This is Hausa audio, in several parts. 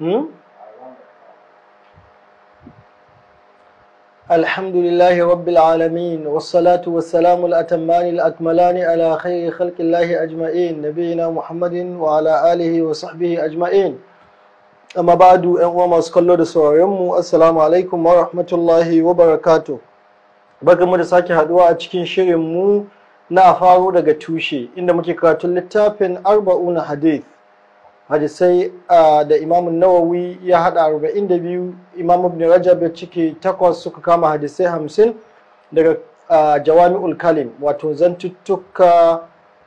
hmm? الحمد لله رب العالمين والصلاة والسلام الأتمان الأكملان على خير خلق الله أجمعين نبينا محمد وعلى آله وصحبه أجمعين أما بعد أنواع ما سكالو دسواريمو السلام عليكم ورحمة الله وبركاته بقى mu da sake haduwa a cikin shirin mu na faro daga tushe inda muke karatun hadisai da imam nawawi ya hada 42 imamu ibn rajab ya cike takwas suka kama hadisai hamsin daga jawami'ul kalim wato zantuttuka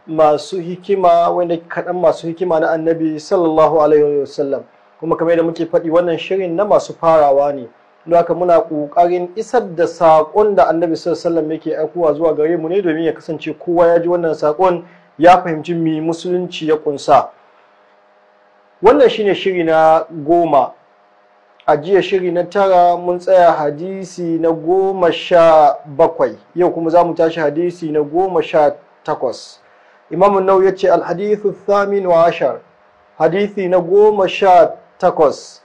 masu hikima wanda kaɗan masu hikima na annabi sallallahu alaihi wasallam kuma kamar da muke faɗi wannan shirin na masu farawa ne don haka muna ƙoƙarin isar da saƙon da annabi sallallahu alaihi wasallam yake aikowa zuwa gare mu ne domin ya kasance kowa ya ji wannan sakon? ya fahimci mi musulunci ya ƙunsa wannan shine shiri na goma a jiya shiri na tara mun tsaya hadisi na goma sha bakwai yau kuma za mu tashi hadisi na goma sha takwas imamun nau ya ce alhadithu thamin wa ashar hadisi na goma sha takwas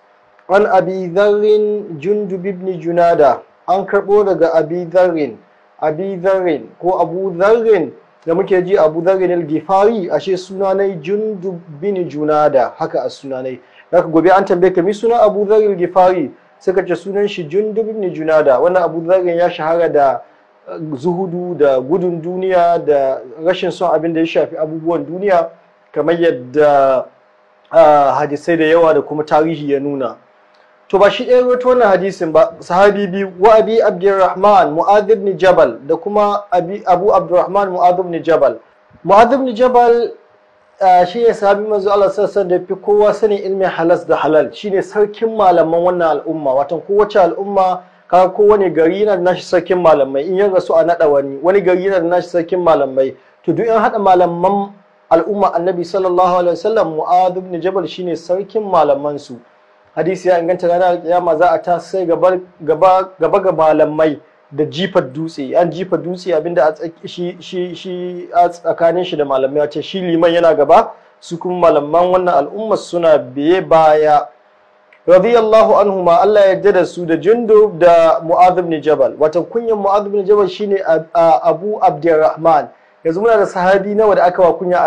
an abi zarrin jundub ibn junada an karɓo daga abi zarrin abi zarrin ko abu zarrin da muke ji abu zarin gifari ashe sunanai jundub bin da haka a sunanai ka gobe an tambaye ka suna sunan abu zarin gifari suka ce sunan shi jundub bin da wannan abu zarin ya shahara da uh, zuhudu da gudun duniya da rashin son abin da ya shafi abubuwan duniya kamar yadda uh, hadisai da yawa da kuma tarihi ya nuna to ba shi ɗaya rawaito wannan hadisin ba sahabi biyu wa abi abdurrahman mu'adh ibn jabal da kuma abu abdurrahman mu'adh ibn jabal mu'adh ibn jabal shi ne sahabi manzo Allah sallallahu da fi kowa sani ilmin halas da halal shine sarkin malaman wannan al'umma watan kowace al'umma ko kowane gari yana da nashi sarkin malamai in ya rasu a naɗa wani wani gari yana da nashi sarkin malamai to duk in haɗa malaman al'umma annabi sallallahu alaihi wasallam mu'adh ibn jabal shine sarkin malaman su hadisi ya inganta ranar alkiyama za a ta sai gaba ga malamai da jifar dutse an jifa dutse abinda shi a tsakanin shi da malamai wace shi liman yana gaba su kuma malaman wannan al'umma suna biye baya radiyallahu anhuma Allah ya da su da jundub da mu'adh ibn jabal wata kunyan mu'adh ibn jabal shine abu abdurrahman yanzu muna da sahabi nawa da aka wa kunya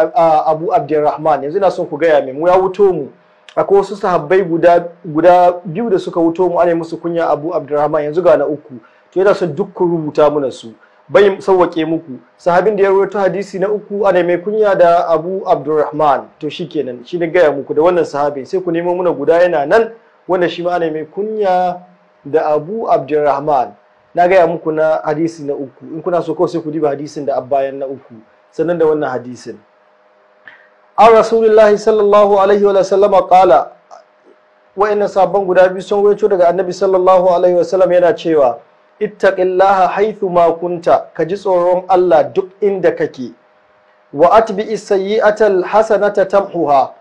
abu abdurrahman yanzu ina son ku gaya min mu ya wuto mu akwai wasu sahabbai guda guda biyu da suka wuto mu ana musu kunya Abu Abdurrahman yanzu ga na uku to yana son duk ku rubuta muna su bai sauwake muku sahabin da ya rawaito hadisi na uku ana mai kunya da Abu Abdurrahman to shikenan shi ne gaya muku da wannan sahabi sai ku nemo muna guda yana nan wanda shi ma ana mai kunya da Abu Abdurrahman na gaya muku na hadisi na uku in kuna so kawai sai ku diba hadisin da abbayan na uku sannan da wannan hadisin an rasulullahi sallallahu alaihi wa sallama kala ina sabon guda biyu sun waito daga annabi sallallahu alaihi wa sallam yana cewa ittaqillaha haithu ma kunta ka ji tsoron Allah duk inda kake wa atbi sayyi'atal hasanata tamhuha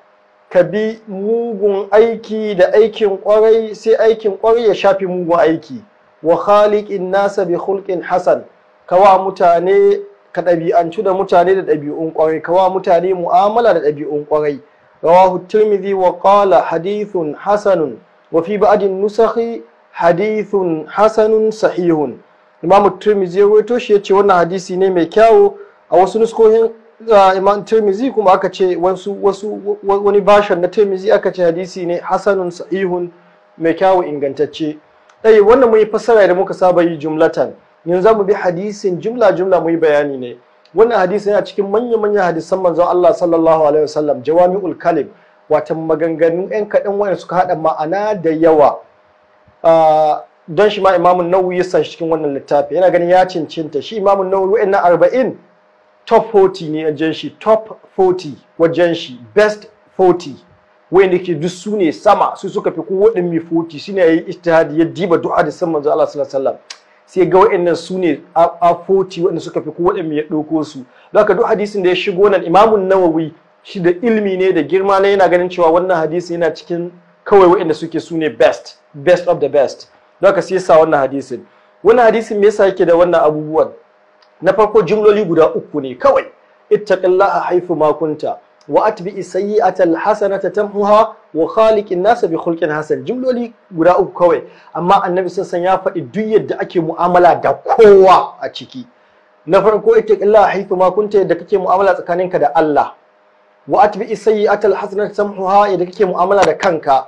ka bi mugun aiki da aikin kwarai sai aikin kwarai ya shafi mugun aiki wa khaliqin nasa bi khulqin hasan wa mutane ka ɗabi'antu da mutane da ɗabi'un ƙwarai ka wa mutane mu'amala da ɗabi'un ƙwarai rawahu tirmidhi wa qala hadithun hasanun wa fi ba'din nusakhi hadithun hasanun sahihun imamu tirmidhi ya rawaito shi yace wannan hadisi ne mai kyawu a wasu nuskohin imam tirmidhi kuma aka ce wani bashan na tirmidhi aka ce hadisi ne hasanun sahihun mai kyawu ingantacce dai wannan mun yi fassara da muka saba yi jumlatan yanzu za mu bi hadisin jumla jumla mu yi bayani ne wannan hadisi yana cikin manya manyan hadisan manzon Allah sallallahu alaihi wasallam jawami'ul kalim watan maganganun ɗan kaɗan wanda suka haɗa ma'ana da yawa don shi ma imamun nawawi ya san cikin wannan littafi yana ganin ya cincinta shi imamun nawawi na arba'in top 40 ne wajen shi top 40 wajen shi best 40 wanda ke duk su ne sama su suka fi kowaɗin mi 40 shine ya yi ijtihadi ya diba du'a da san manzo Allah sallallahu alaihi wasallam sai ga wa'annan su ne afoti wanda suka fi ko ya ɗauko su haka duk hadisin da ya shigo nan imamun nawawi shi da ilmi ne da girma na yana ganin cewa wannan hadisi yana cikin kawai wa'anda suke su ne best best of the best haka sai sa wannan hadisin wannan hadisin me yasa yake da wannan abubuwan na farko jumloli guda uku ne kawai a haifu makunta wa atbi sayyi'atal hasanata tamhuha wa khaliqin nasa bi khulqin hasan jumloli guda uku kawai amma annabi sassan ya faɗi duk yadda ake mu'amala da kowa a ciki na farko ittaqilla haythu ma kunta yadda kake mu'amala tsakaninka da Allah wa atbi sayyi'atal hasanata tamhuha yadda kake mu'amala da kanka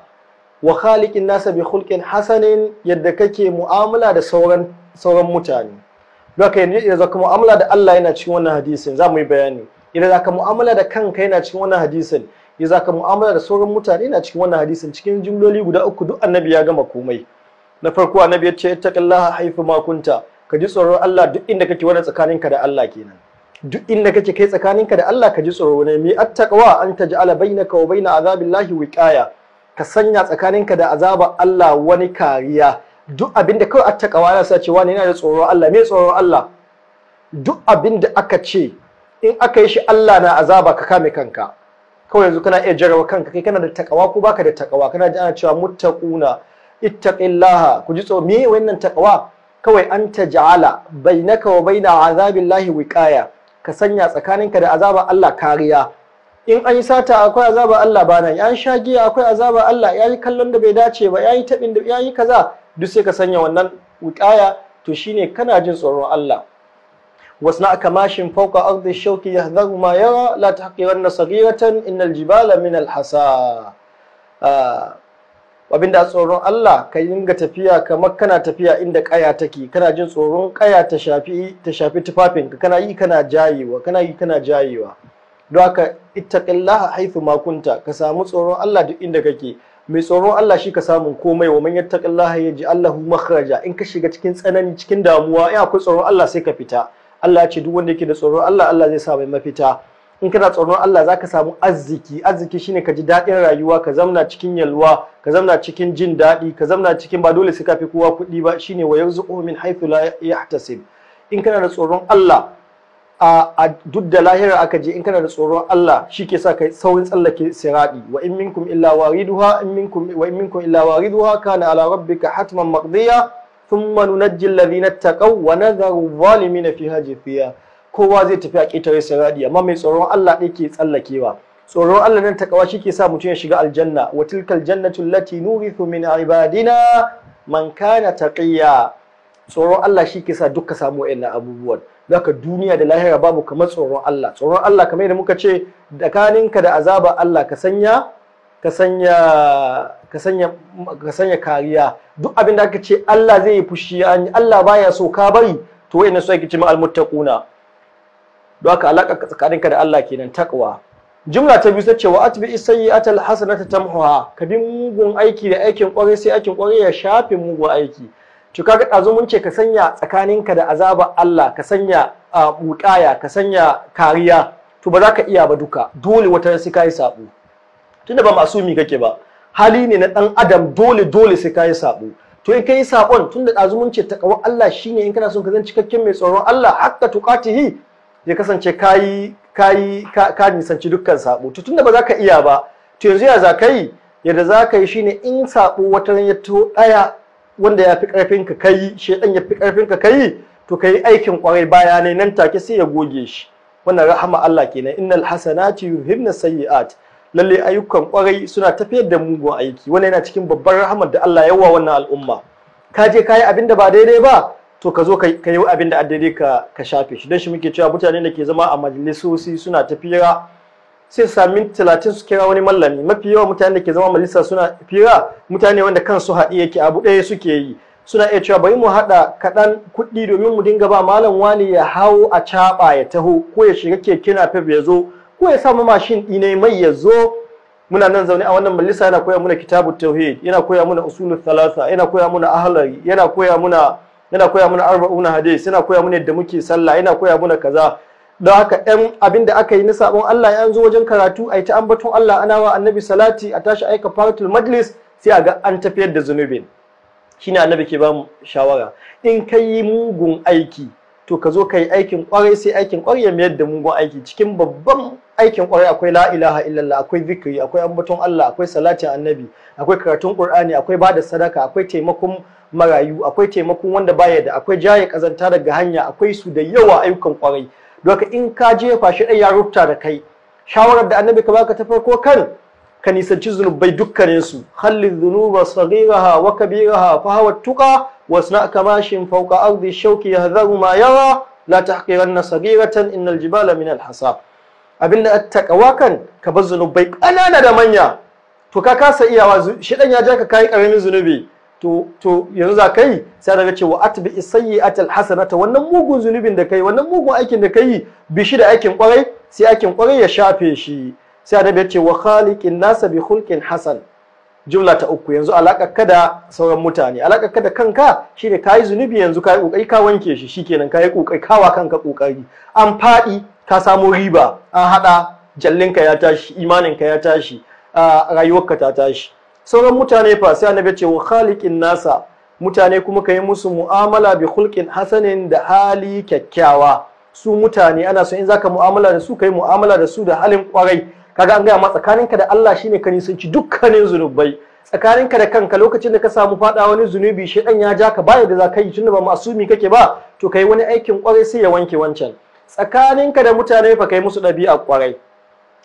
wa khaliqin nasa bi khulqin hasanin yadda kake mu'amala da sauran sauran mutane Doka yanzu idan zaka mu'amala da Allah yana cikin wannan hadisin za mu yi bayani idan zaka mu'amala da kanka yana cikin wannan hadisin idan zaka mu'amala da sauran mutane yana cikin wannan hadisin cikin jimloli guda uku duk annabi ya gama komai na farko annabi ya ce ittaqillaha haifu ma kunta ka ji tsoron Allah duk inda kake wannan tsakaninka da Allah kenan duk inda kake kai tsakaninka da Allah ka ji tsoro ne mi attaqwa an taj'ala bainaka wa baina azabillahi wiqaya ka sanya tsakaninka da azaba Allah wani kariya duk abinda kawai attaqwa yana sa cewa ne yana da tsoron Allah me tsoron Allah duk abinda aka ce in aka yi shi Allah na azaba ka kame kanka kawai yanzu kana iya jarawa kanka kai kana da takawa ko baka da takawa kana ji ana cewa muttaquna ittaqillaha ku ji tso me wannan takawa kawai an ta taj'ala bainaka wa baina azabillahi wiqaya ka sanya tsakaninka da azaba Allah kariya in an yi sata akwai azaba Allah bana An sha giya akwai azaba Allah ya kallon da bai dace ba yayi yi tabin da yayi kaza duk sai ka sanya wannan wiqaya to shine kana jin tsoron Allah واصنع كماش فوق أرض الشوك يهذر ما يرى لا تحقرن صغيرة إن الجبال من الحسا abin da tsoron Allah ka dinga tafiya kamar kana tafiya inda kaya take kana jin tsoron kaya ta shafi ta shafi tufafinka kana yi kana jayewa kana yi kana jayewa don haka ittaqillaha haythu ma ka samu tsoron Allah duk inda kake mai tsoron Allah shi ka samu komai wa man yattaqillaha yaj'al lahu makhraja in ka shiga cikin tsanani cikin damuwa in akwai tsoron Allah sai ka fita Allah ce duk wanda yake da tsoron Allah Allah zai sa mai mafita in kana tsoron Allah zaka samu arziki arziki shine ka ji daɗin rayuwa ka zamna cikin yalwa ka zamna cikin jin daɗi ka zamna cikin ba dole sai ka fi kowa kuɗi ba shine wa yarzuquhu min haythu la yahtasib in kana da tsoron Allah a duk da lahira aka je in kana da tsoron Allah shi ke sa kai saurin tsallake siradi wa in minkum illa wariduha in minkum wa in minkum illa wariduha kana ala rabbika hatman maqdiya thumma nunajjil ladhina taqaw wa nadharu zalimina fiha jafiya kowa zai tafi a ƙetare siradi amma mai tsoron Allah ne ke tsallakewa tsoron Allah nan takawa shi ke sa mutum ya shiga aljanna wa tilkal jannatu Nuri, nurithu min ibadina man kana tsoron Allah shi ke sa duka samu wa'annan abubuwan zaka duniya da lahira babu kamar tsoron Allah tsoron Allah kamar yadda muka ce tsakaninka da azaba Allah ka ka sanya ka sanya kariya duk abin da aka ce Allah zai yi fushi Allah baya so ka bari to wayannan su ake cewa almuttaquna don haka alaka tsakaninka da Allah kenan takwa jumla ta biyu ta ce wa atbi sayyi'ata alhasanata tamhuha ka bi mugun aiki da aikin kwarai sai aikin kwarai ya shafe mugun aiki to kaga dazu mun ce ka sanya tsakaninka da azaba Allah ka sanya bukaya ka sanya kariya to ba za ka iya ba duka dole wata sai kai sabo tunda ba masumi kake ba hali ne na ɗan adam dole dole sai kayi sabo to in kai sabon tun da ɗazu ta ce Allah Allah shine in kana son ka zan cikakken mai tsoron Allah hakka tuqatihi ya kasance kayi ka nisanci dukkan sabo to tunda ba za ka iya ba to yanzu ya za ka yi yadda za ka yi shine in sabo wata ya to ɗaya wanda ya fi ƙarfin ka kai shedan ya fi ƙarfin ka kai to kai aikin kwarai baya nan take sai ya goge shi wannan rahama Allah kenan innal hasanati yuhibna sayyi'at lalle ayyukan kwarai suna tafiyar da mugun aiki wannan yana cikin babbar rahmar da Allah ya wa wannan al'umma ka je kayi abin da ba daidai ba to ka zo ka yi abin da daidai ka ka shafe shi don shi muke cewa mutane da ke zama a majalisosi suna tafira sai sami talatin su kira wani mallami mafi yawan mutane da ke zama majalisa suna fira mutane wanda kansu haɗi yake abu ɗaya suke yi suna iya cewa bari mu haɗa kaɗan kuɗi domin mu dinga ba malam wani ya hau a caɓa ya taho ko ya shiga keke na ya zo ko ya samu mashin ɗine mai ya zo muna nan zaune a wannan majalisa yana koya muna kitabu tauhid yana koya muna usulul thalatha yana koya muna ahlari yana koya muna yana koya muna arba'una hadis yana koya muna yadda muke sallah yana koya muna kaza don haka ɗan abin da aka yi na sabon Allah ya zo wajen karatu a yi ta ambaton Allah ana wa annabi salati a tashi aika fatul majlis sai a ga an tafiyar da zunubin shine annabi ke ba mu shawara in ka yi mugun aiki to ka zo ka yi aikin kwarai sai aikin kwarai ya mayar da mugun aiki cikin babban aikin kwarai akwai la ilaha illallah akwai zikiri akwai ambaton Allah akwai salatin annabi akwai karatun qur'ani akwai bada sadaka akwai taimakon marayu akwai taimakon wanda baya da akwai jaye kazanta daga hanya akwai su da yawa ayyukan kwarai doka in ka je fashi dai ya rubuta da kai shawarar da annabi ka baka ta farko kan ka nisanci zunubai dukkanin su halli dhunuba saghiraha wa kabiraha fa hawa tuqa wasna kamashin fawqa ardi shawki yahzaru ma yara la tahqiranna saghiratan innal jibala min al Abin abinda attaqwa kan ka bar zunubai ƙanana da manya to ka kasa iyawa shedan ya ja ka kai karamin zunubi to to yanzu za kai sai daga cewa atbi sayyi'atal ta wannan mugun zunubin da kai wannan mugun aikin da kai bi shi da aikin kwarai sai aikin kwarai ya shafe shi sai annabi ya ce wa khaliqin nasa bi khulqin hasan jumla ta uku yanzu alaƙar kada sauran mutane alaƙar kada kanka shine yi zunubi yanzu yi kokari ka wanke shi shikenan kenan ka kawa kanka kokari an faɗi ka samo riba an haɗa jallinka ya tashi imaninka ya tashi rayuwarka ta tashi sauran mutane fa sai annabi ce wa khaliqin nasa mutane kuma ka yi musu mu'amala bi khulqin hasanin da hali kyakkyawa su mutane ana so in zaka mu'amala da su ka mu'amala da su da halin kwarai kaga an gaya ma tsakaninka da Allah shine ka nisanci dukkanin zunubai tsakaninka da kanka lokacin da ka samu fada wani zunubi shedan ya ja ka baya da zaka yi tunda ba masumi kake ba to kai wani aikin kwarai sai ya wanke wancan tsakaninka da mutane fa kai musu ɗabi'a ƙwarai.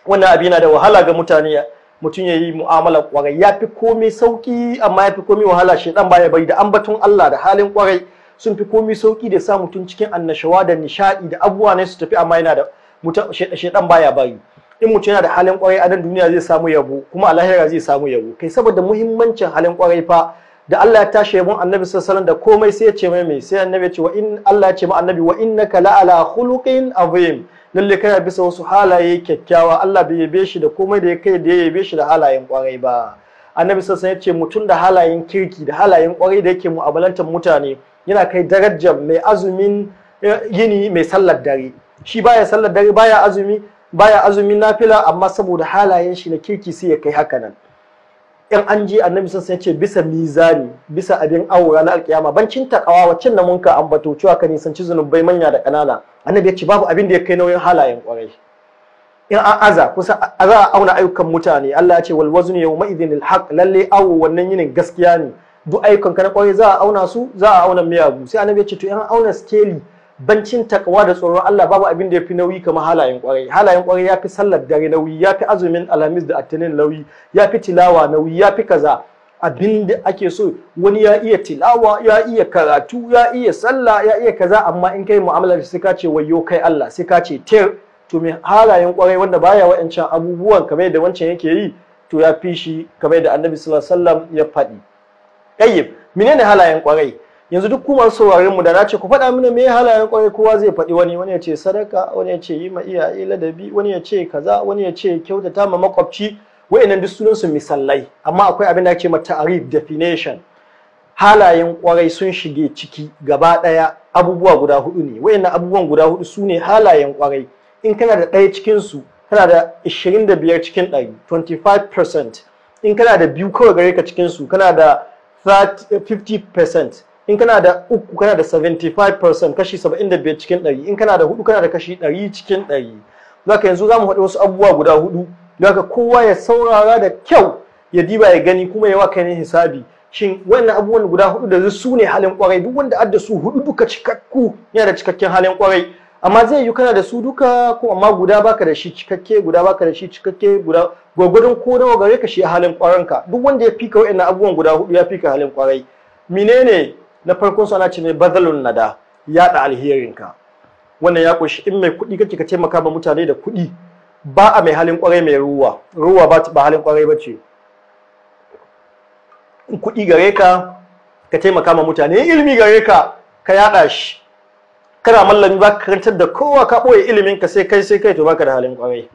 wannan abu yana da wahala ga mutane mutum ya yi mu'amala ƙwarai. ya fi komai sauƙi, amma ya fi komai wahala shi ɗan baya bai da ambaton Allah da halin ƙwarai sun fi komai sauƙi da sa mutum cikin annashawa da nishaɗi da abubuwa ne su tafi amma yana da ɗan baya bayi in mutum yana da halin ƙwarai. a nan duniya zai samu yabo kuma a lahira zai samu yabo kai saboda muhimmancin halin ƙwarai fa da Allah ya tashi yabon annabi sallallahu da komai sai ya ce mai mai sai annabi ya ce wa in Allah ya ce ma annabi wa innaka ka ala khuluqin azim lalle kana bisa wasu halaye kyakkyawa Allah bai yabe shi da komai da ya kai da ya yabe shi da halayen kwarai ba annabi sallallahu ya ce mutum da halayen kirki da halayen kwarai da yake mu'amalantar mutane yana kai darajar mai azumin eh, yini mai sallar dare shi baya sallar dare baya azumi baya azumin nafila amma saboda halayen shi na kirki sai ya kai haka nan in an ji annabi sun ce bisa mizani bisa abin awura na alkiyama bancin takawa wacin na munka ambato cewa ka nisanci zunubai manya da kanana annabi ya ce babu abin da ya kai nauyin halayen kwarai in an aza kusa za a auna ayyukan mutane Allah ya ce wal waznu yawma idhin al haq lalle awo wannan yinin gaskiya ne duk ayyukan ka na kwarai za a auna su za a auna miyagu sai annabi ya ce to in auna skeli bancin takawa da tsoron Allah babu abin da yafi nauyi kamar halayen kwarai halayen kwarai yafi sallar dare nauyi yafi azumin alhamis da attinin nauyi yafi tilawa nauyi yafi kaza abin da ake so wani ya iya tilawa ya iya karatu ya iya sallah ya iya kaza amma in kai mu'amala shi ka ce wayo kai Allah sai ka ce ter to me halayen kwarai wanda baya wa'ancan abubuwan kamar da wancan yake yi to ya fi shi kamar da Annabi sallallahu alaihi wasallam ya faɗi ayyib menene halayen kwarai yanzu duk kuma saurarin mu da na ce ku faɗa mini me halayen kwarai kowa zai faɗi wani wani ya ce sadaka wani ya ce yi ma iyaye ladabi wani ya ce kaza wani ya ce kyautata ma makwabci wa'annan duk sunan su misallai amma akwai abin da ake ma ta'arif definition halayen kwarai sun shige ciki gaba ɗaya abubuwa guda hudu ne wa'annan abubuwan guda hudu su ne halayen kwarai in kana da ɗaya cikin su kana da 25 cikin ɗari, 25% in kana da biyu kawai gare ka cikin su kana da 50% in kana da uku kana da 75% kashi 75 cikin 100 in kana da hudu kana da kashi ɗari cikin 100 ka yanzu zamu faɗi wasu abubuwa guda hudu zaka kowa ya saurara da kyau ya diba ya gani kuma ya waka ne hisabi shin wannan abubuwan guda hudu da su ne halin kwarai duk wanda adda su hudu duka cikakku yana da cikakken halin kwarai amma zai yi kana da su duka ko amma guda baka da shi cikakke guda baka da shi cikakke guda gwagwadon ko nawa gare ka shi halin kwaranka duk wanda ya fika wa'annan abubuwan guda hudu ya fika halin kwarai menene na farkon su ana ce mai bazalun nada yada alherinka wannan ya kunshi in mai kuɗi kake ka taimaka ma mutane da kuɗi ba a mai halin kwarai mai ruwa ruwa ba ba halin kwarai ba ce kuɗi gare ka ka taimaka ma mutane ilimi gare ka ka yada shi kana mallami ba ka karantar da kowa ka ɓoye ilimin ka sai kai sai kai to baka da halin kwarai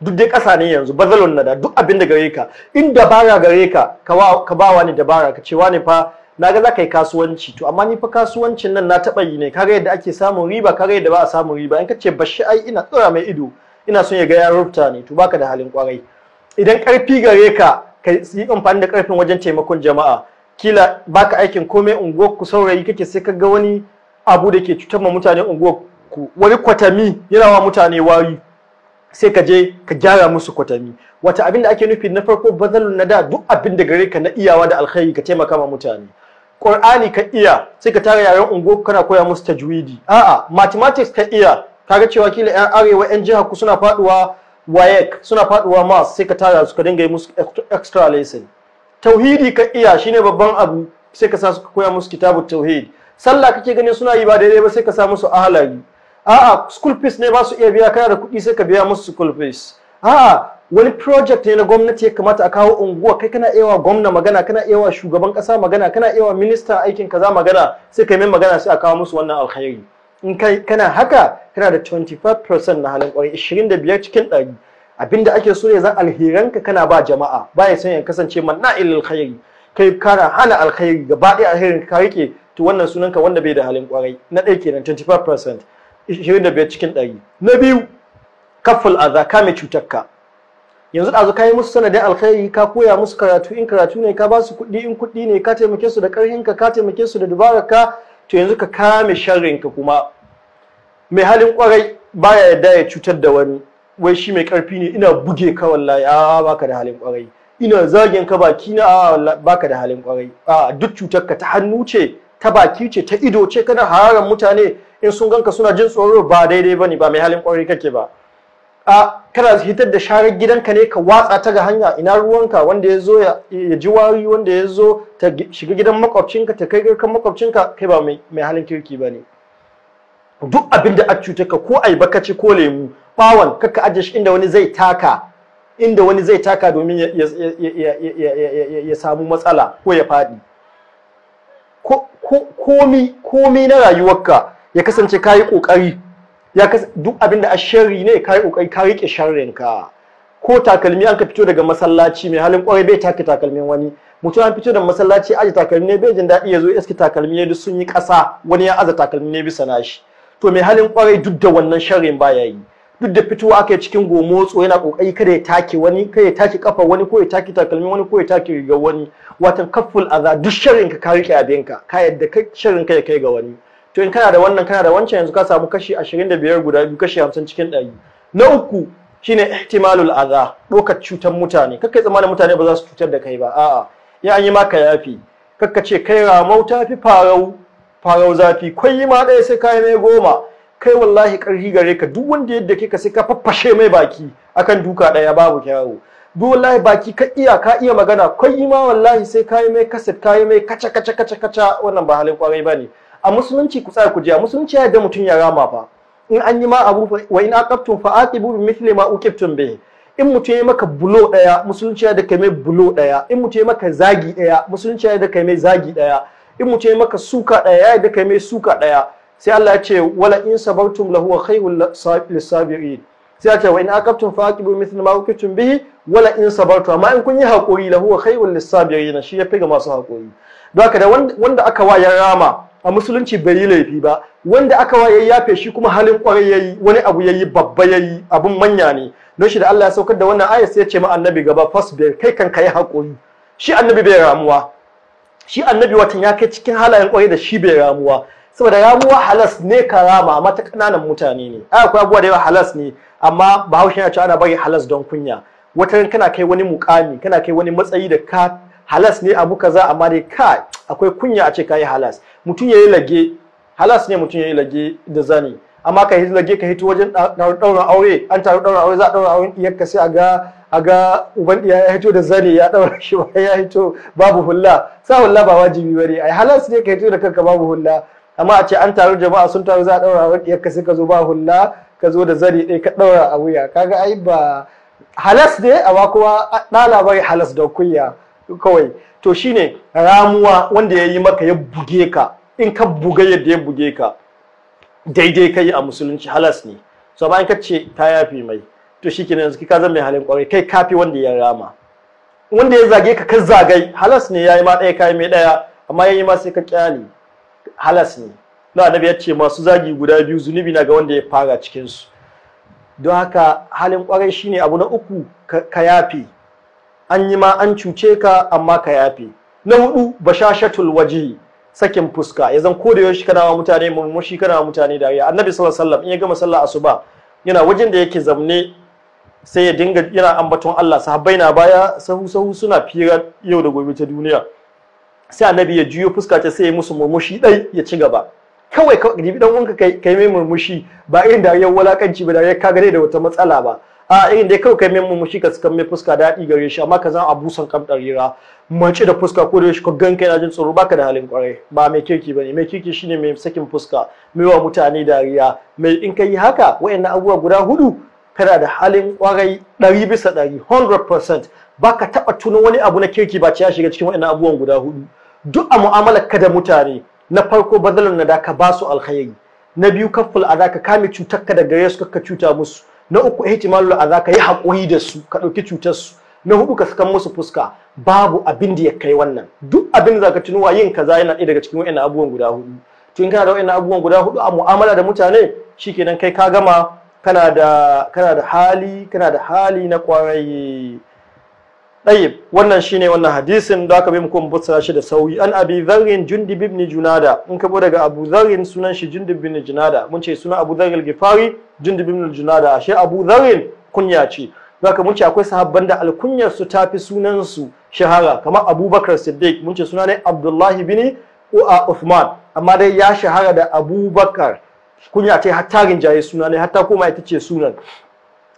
duk dai ƙasa ne yanzu bazalon nada duk abin da gare ka in dabara gare ka ka ba wani dabara ka ce wani fa na ga za ka yi kasuwanci to amma ni fa kasuwancin nan na taɓa yi ne kaga yadda ake samun riba kaga yadda ba a samun riba in ka ce bashi ai ina tsora mai ido ina son ya ga ya rubuta ne to baka da halin kwarai idan karfi gare ka ka yi amfani da karfin wajen taimakon jama'a kila baka aikin komai unguwar ku saurayi kake sai ka ga wani abu da ke cutar ma mutane unguwar ku wani kwatami yana wa mutane wari sai ka je ka gyara musu kwatami wata abin da ake nufi na farko bazalun na da duk abin da gare ka na iyawa da alkhairi ka taimaka ma mutane Kur'ani ka iya sai ka tara yaren ungo kana koya musu tajwidi a'a mathematics ka iya kaga cewa kila yan arewa yan jiha ku suna faduwa wayek suna faduwa mas sai ka tara su ka dinga yi musu extra lesson tauhidi ka iya shine babban abu sai ka sa su koya musu kitabut tauhid sallah kake ganin suna yi ba daidai ba sai ka sa musu ahlari a'a school fees ne ba su iya biya kana da kuɗi sai ka biya musu school fees a'a wani project ne na gwamnati ya kamata a kawo unguwa kai kana iya wa gwamna magana kana iya wa shugaban kasa magana kana iya wa minista aikin kaza magana sai kai mai magana sai a kawo musu wannan alkhairi in kai kana haka kana da 25% na halin kwari 25 cikin 100 abinda ake so ne zan alheranka kana ba jama'a ba ya san ya kasance manna ilal khairi kai kana hana alkhairi gaba ɗaya alherin ka rike to wannan sunanka wanda bai da halin kwari na ɗaya kenan 25% 25 cikin 100 na biyu kafal aza kame cutarka yanzu ɗazu ka yi musu sanadin alkhairi ka koya musu karatu in karatu ne ka basu su kuɗi in kuɗi ne ka taimake su da ƙarfinka ka ka taimake su da ka to yanzu ka kame sharrin ka. kuma mai halin kwarai baya yarda ya cutar da wani wai shi mai ƙarfi ne ina buge ka wallahi a baka da halin kwarai ina zagin ka baki na a baka da halin kwarai a duk cutar ka ta hannu ce ta baki ce ta ido ce kana hararan mutane in sun ganka suna jin tsoro ba daidai bane ba mai halin kwarai kake ba a kana hitar da sharar gidanka ne ka watsa ta ga hanya ina ruwanka wanda ya zo ya ji wari wanda ya zo ta shiga gidan makwabcinka ta kai garkan makwabcinka kai ba mai halin kirki ba ne duk abin da a cuta ka ko ai bakaci ko lemu bawon kakka aje shi inda wani zai taka inda wani zai taka domin ya samu matsala ko ya faɗi komi na rayuwarka ya kasance ka yi ƙoƙari ya kas duk abin da asharri ne kai kokari ka rike sharrin ka ko takalmi an ka fito daga masallaci mai halin kwarai bai take takalmin wani mutum an fito da masallaci aje takalmi ne bai jin daɗi ya zo iski takalmi ne duk sun yi ƙasa wani ya aza takalmi ne bisa nashi to mai halin kwarai duk da wannan sharrin baya yi duk da fitowa aka yi cikin gomotso yana kokari kada ya take wani kada ya take kafa wani ko ya take takalmi wani ko ya take rigar wani watan kaful aza duk sharrin ka ka rike abinka ka yadda sharrin ka ya kai ga wani to in kana da wannan kana da wancan yanzu ka samu kashi 25 guda biyu kashi 50 cikin ɗari. na uku shine ihtimalul adha dokar cutar mutane yi tsammanin mutane ba za su cutar da kai ba a'a ya an yi maka yafi kakka ce kai ramau ta fi farau farau zafi kwai ma ɗaya sai kai mai goma kai wallahi ƙarfi gare ka duk wanda yadda kika sai ka faffashe mai baki akan duka ɗaya babu kyawu duk wallahi baki ka iya ka iya magana kwai ma wallahi sai kai mai kaset kai mai kaca kaca kaca kaca wannan ba halin kwarai ba ne. a musulunci ku tsaya ku je a musulunci ya da mutum ya rama fa in an yi ma abu wa in aqabtum fa aqibu bi mithli ma uqibtum in mutum ya maka bulo daya musulunci ya da kai mai bulo ɗaya. in mutum ya maka zagi ɗaya, musulunci ya da kai mai zagi ɗaya. in mutum ya maka suka ɗaya, ya da kai mai suka ɗaya. sai Allah ya ce wala in sabartum lahu khayrul lisabirin sai ce wa in aqabtum faqibu mithl ma ukitum bihi wala in sabartu amma in kun yi hakuri lahu wa khayrul lisabirin shi yafi ga masu hakuri don haka da wanda aka wa ya rama a musulunci bai yi laifi ba wanda aka wa yayi yafe shi kuma halin kwarai yayi wani abu yayi babba yayi abun manya ne don shi da Allah ya saukar da wannan ayat sai ya ce ma annabi gaba fasbir kai kan yi hakuri shi annabi bai ramuwa shi annabi watan ya kai cikin halayen kwarai da shi bai ramuwa saboda ramuwa halas ne karama amma ta kananan mutane ne ai akwai abubuwa da yawa halas ne amma bahaushe ya ce ana bari halas don kunya wata kana kai wani mukami kana kai wani matsayi da ka halas ne abu kaza amma dai ka akwai kunya a ce kai halas mutum yayi lage halas ne mutum yayi lage da zani amma ka yi lage ka hito wajen ɗaurin aure an taru ɗaurin aure za a ɗaura auren iyakka sai a ga a ga uban ya hito da zani, ya ɗaura shi ba ya hito babu hulla sa hulla ba wajibi bane ai halas ne ka hito da kanka babu hulla amma a ce an taru jama'a sun taru za a ɗaura wa diyarka sai ka zo ba hulla ka zo da zari ɗaya ka ɗaura a wuya kaga ai ba halas ne amma kuma na labari halas da kunya kawai to shine ramuwa wanda ya yi maka ya buge ka in ka buga yadda ya buge ka daidai ka yi a musulunci halas ne so bayan ka ce ta yafi mai to shi kenan yanzu ka zama mai halin kwarai kai kafi wanda ya rama wanda ya zage ka ka zagai halas ne ya yi ma ɗaya yi mai ɗaya amma ya yi ma sai ka kyale halas ne na annabi ya ce masu zagi guda biyu zunubi na ga wanda ya fara cikin su don haka halin kwarai shine abu na uku ka yafe an yi ma an cuce ka amma ka yafe na hudu bashashatul waje. sakin fuska ya zan koda yaushe kana wa mutane murmushi kana wa mutane dariya annabi sallallahu alaihi wasallam in ya gama sallah asuba yana wajen da yake zamne sai ya dinga yana ambaton Allah sahabbai na baya sahu sahu suna firar yau da gobe ta duniya sai annabi ya juyo fuska ta sai ya musu murmushi dai ya ci gaba kawai ka dan uwanka kai kai mai murmushi ba irin da ya walakanci ba da ya kaga da wata matsala ba a irin dai kawai kai mai murmushi ka suka mai fuska daɗi gare shi amma ka zan abu san kam ɗarira mace da fuska ko da shi ka gan yana na jin tsoro baka da halin kwarai ba mai kirki bane mai kirki shine mai sakin fuska mai wa mutane dariya mai in kai haka wayannan abubuwa guda hudu kana da halin kwarai ɗari bisa dari 100% baka taba tuno wani abu na kirki ba ci ya shiga cikin wayannan abubuwan guda hudu duk a mu'amalar ka da mutane na farko badalun na da ka ba su alkhairi na biyu kafful a ka kame cutar ka da gare su ka cuta musu na uku ihtimalul a ka yi haƙuri da su ka ɗauki cutar su na hudu ka saka musu fuska babu abin da ya kai wannan duk abin da zaka tunuwa yin kaza yana ɗaya daga cikin wa'annan abubuwan guda hudu to in kana da wa'annan abubuwan guda hudu a mu'amala da mutane Shi shikenan kai ka gama kana da kana da hali kana da hali na kwarai طيب wannan shine wannan hadisin da aka bi muku mutsara shi da sauyi an abi dharrin jundib ibn junada in kabo daga abu dharrin sunan shi jundib ibn junada mun ce sunan abu zarin gifari jundib ibn junada ashe abu dharrin kunya ce zaka mun ce akwai sahabban da alkunyar su tafi sunan su shahara kamar abubakar siddiq mun ce suna ne abdullahi bin uthman amma dai ya shahara da abubakar kunya ce hatta rinjaye suna ne hatta koma ita ce sunan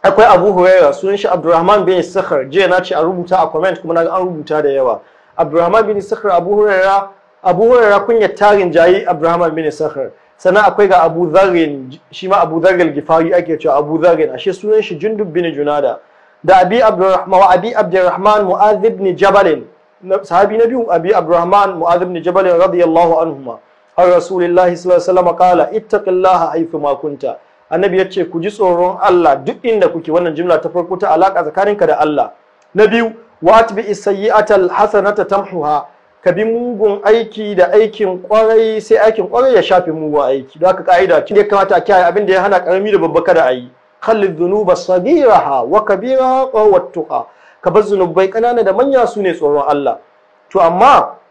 akwai abu huraira sunan shi abdurrahman bin sakhar jiya na ce a rubuta a comment kuma na an rubuta da yawa abdurrahman bin sakhar abu huraira abu huraira kunya tarin jayi abdurrahman bin sakhar sannan akwai ga abu zarrin shi ma abu zarrin gifari ake cewa abu zarrin ashe sunan shi jundub bin junada da abi abdurrahman wa abi abdurrahman mu'adh ibn jabal sahabi na biyu abi abdurrahman mu'adh ibn jabal radiyallahu anhuma ar rasulillahi sallallahu alaihi wasallam qala ittaqillaha haythu ma kunta annabi ya ce ku ji tsoron Allah duk inda kuke wannan jimla ta farko ta alaka tsakaninka da Allah na biyu wa atbi sayyi'atal hasanata tamhuha ka bi mugun aiki da aikin kwarai sai aikin kwarai ya shafe mugun aiki don haka ka'ida kin ya kamata a kiyaye abin da ya hana karami da babba kada a yi dhunuba sagiraha wa Kabira, wa tuqa ka bar zunubai kanana da manya sune tsoron Allah to amma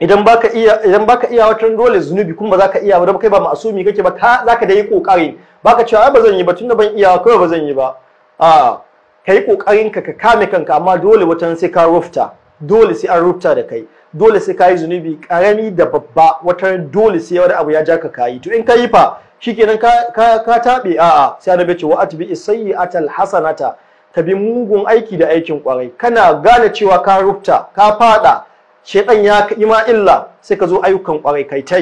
idan baka iya idan baka iya watan dole zunubi kuma ba iya ba dan kai ba ma'asumi kake ba ka za ka da kokari baka cewa ai ba zan yi ba tunda ban iya kawai ba zan yi ba a kai kokarin ka ka kame kanka amma dole watan sai ka rufta dole sai an rufta da kai dole sai kai zunubi karami da babba watan dole sai wani abu ya ja ka kayi to in ka yi fa shikenan ka ka, ka tabe a'a sai annabi ce wa atbi sayyi'atal hasanata ka bi mugun aiki da aikin kwarai kana gane cewa ka rufta ka fada shedan ya ka ima illa sai ka zo ayyukan kwarai kai ta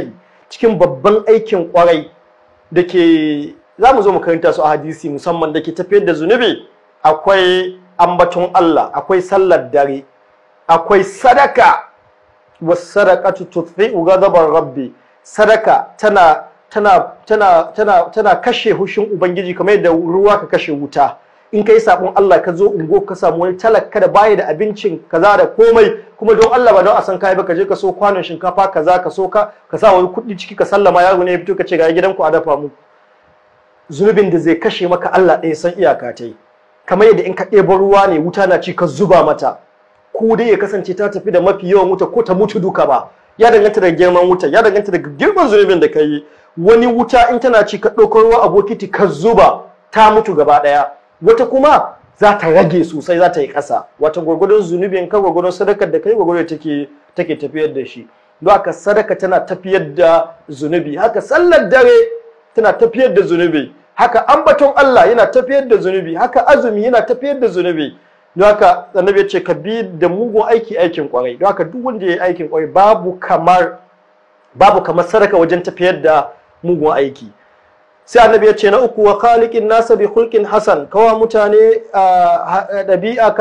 cikin babban aikin kwarai da ke za mu zo mu karanta su a hadisi musamman da ke tafiyar da zunubi akwai ambaton Allah akwai sallar dare akwai sadaka sadaqatu tutfi'u ghadabar rabbi sadaka tana tana tana tana tana kashe hushin ubangiji kamar yadda ruwa ka kashe wuta in kai sabon Allah ka zo ungo ka samu wani talaka da baya da abincin kaza da komai kuma don Allah ba don a san kai ba ka je ka so kwanon shinkafa kaza ka so ka ka sa wani kuɗi ciki ka sallama yaro ne ya fito ka ce ga gidanku a dafa mu zunubin da zai kashe maka Allah ɗaya san iyaka ta yi kamar yadda in ka ɗebo ruwa ne wuta na ci ka zuba mata ko dai ya kasance ta tafi da mafi yawan wuta ko ta mutu duka ba ya danganta da girman wuta ya danganta da girman zunubin da ka yi wani wuta in tana ci ka ɗaukar ruwa a bokiti ka zuba ta mutu gaba ɗaya wata kuma za ta rage sosai za ta yi ƙasa wato gwargwadon zunubin ka gwargwadon sadakar da kai gwargwadon take take tafiyar da shi don haka sadaka tana tafiyar da zunubi haka sallar dare tana tafiyar da zunubi haka ambaton Allah yana tafiyar da zunubi haka azumi yana tafiyar da zunubi don haka annabi ya ce ka bi da mugun aiki aikin kwarai don haka duk wanda ya yi aikin kwarai babu kamar babu kamar sadaka wajen tafiyar da mugun aiki sai annabi ya ce na uku wa khaliqin nasa bi khulqin hasan kawa mutane dabi'a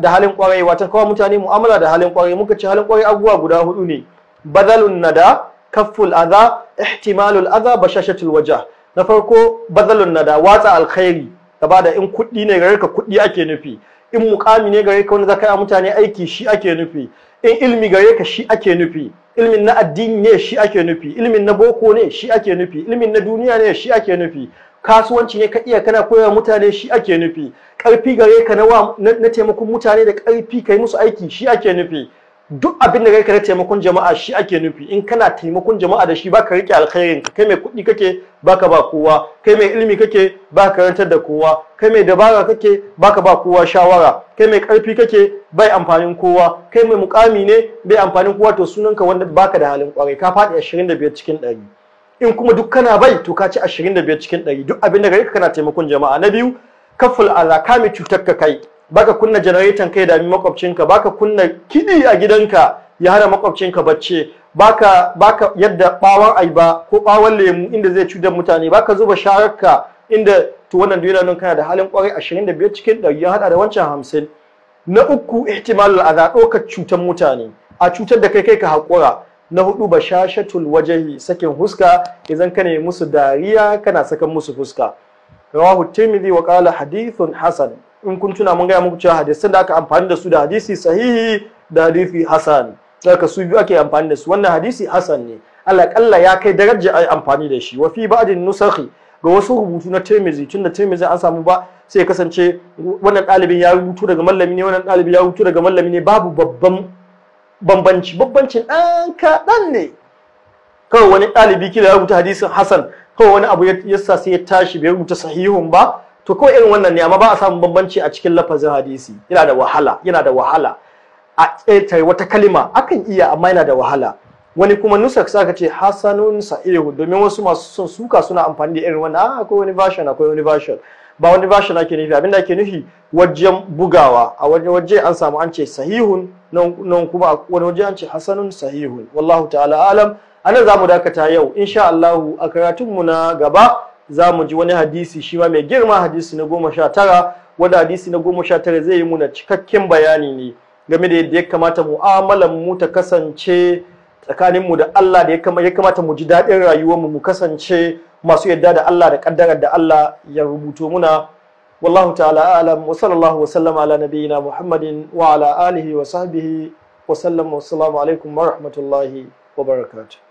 da halin kwarai wata kawa mutane mu'amala da halin kwarai muka ce halin kwarai abubuwa guda hudu ne badalun nada kafful adha ihtimalul adha bashashatul wajah na farko badalun nada watsa alkhairi gaba da in kuɗi ne gare ka kuɗi ake nufi in mukami ne gare ka wani zaka mutane aiki shi ake nufi in ilmi gare ka shi ake nufi ilmin na addini ne shi ake nufi ilmin na boko ne shi ake nufi ilmin na duniya ne shi ake nufi kasuwanci ne ka iya kana koyar mutane shi ake nufi ƙarfi gare ka na taimakon mutane da ƙarfi ka yi musu aiki shi ake nufi duk abin da kai taimakon jama'a shi ake nufi in kana taimakon jama'a da shi baka rike alkhairin ka kai mai kuɗi kake baka ba kowa kai mai ilimi kake baka karantar da kowa kai mai dabara kake baka ba kowa shawara kai mai karfi kake bai amfanin kowa kai mai mukami ne bai amfanin kowa to sunanka wanda baka da halin kwarai ka faɗi 25 cikin 100 in kuma duk kana bai to ka ci 25 cikin 100 duk abin da kai kana taimakon jama'a na biyu kaful mai cutar ka kai baka kunna janaraitan kai dami makwabcinka baka kunna kidi a gidanka ya hana makwabcinka bacci baka baka yadda bawan aiba ko bawan lemu inda zai cutar mutane baka zuba shararka inda to wannan duniya nan kana da halin kwarai 25 cikin 100 ya hada da wancan 50 na uku ihtimalul azab ɗaukar cutar mutane a cutar da kai kai ka hakura na hudu bashashatul wajahi sakin huska idan ka musu dariya kana sakan musu fuska rawahu tirmidhi wa qala hadithun hasan in kun tuna mun gaya muku cewa hadisan da aka amfani da su da hadisi sahihi da hadisi hasan daga su biyu ake amfani da su wannan hadisi hasan ne alaƙalla ya kai daraja a amfani da shi wa fi ba'din nusakhi ga wasu rubutu na Tirmidhi tunda Tirmidhi an samu ba sai ya kasance wannan ɗalibin ya rubutu daga mallami ne wannan ɗalibin ya rubutu daga mallami ne babu babban bambanci bambancin ɗan kaɗan ne kawai wani ɗalibi kila ya rubuta hadisin hasan kawai wani abu ya sa sai ya tashi bai rubuta sahihun ba to ko irin wannan ne amma ba a samun bambanci a cikin lafazin hadisi yana da wahala yana da wahala a ƙetare wata kalima akan iya amma yana da wahala wani kuma nusak saka ce hasanun sa'ihu domin wasu masu son suka suna amfani da irin wannan ah, akwai wani version akwai wani version ba wani version ake nufi abinda ake nufi wajen bugawa a wani waje an samu an ce sahihun nan kuma wani waje an ce hasanun sahihun wallahu ta'ala alam anan zamu dakata yau insha Allah a karatunmu na gaba za mu ji wani hadisi shi ma mai girma hadisi na goma sha tara wanda hadisi na goma sha tara zai yi muna cikakken bayani ne game da yadda ya kamata mu'amalan mu ta kasance tsakaninmu da Allah da ya kamata mu ji daɗin rayuwar mu kasance masu yadda da Allah da ƙaddarar da Allah ya rubuto muna wallahu ta'ala alam wa sallallahu wa sallama ala nabiyyina muhammadin wa ala alihi wa sahbihi wa sallam wa assalamu alaikum wa rahmatullahi wa barakatuh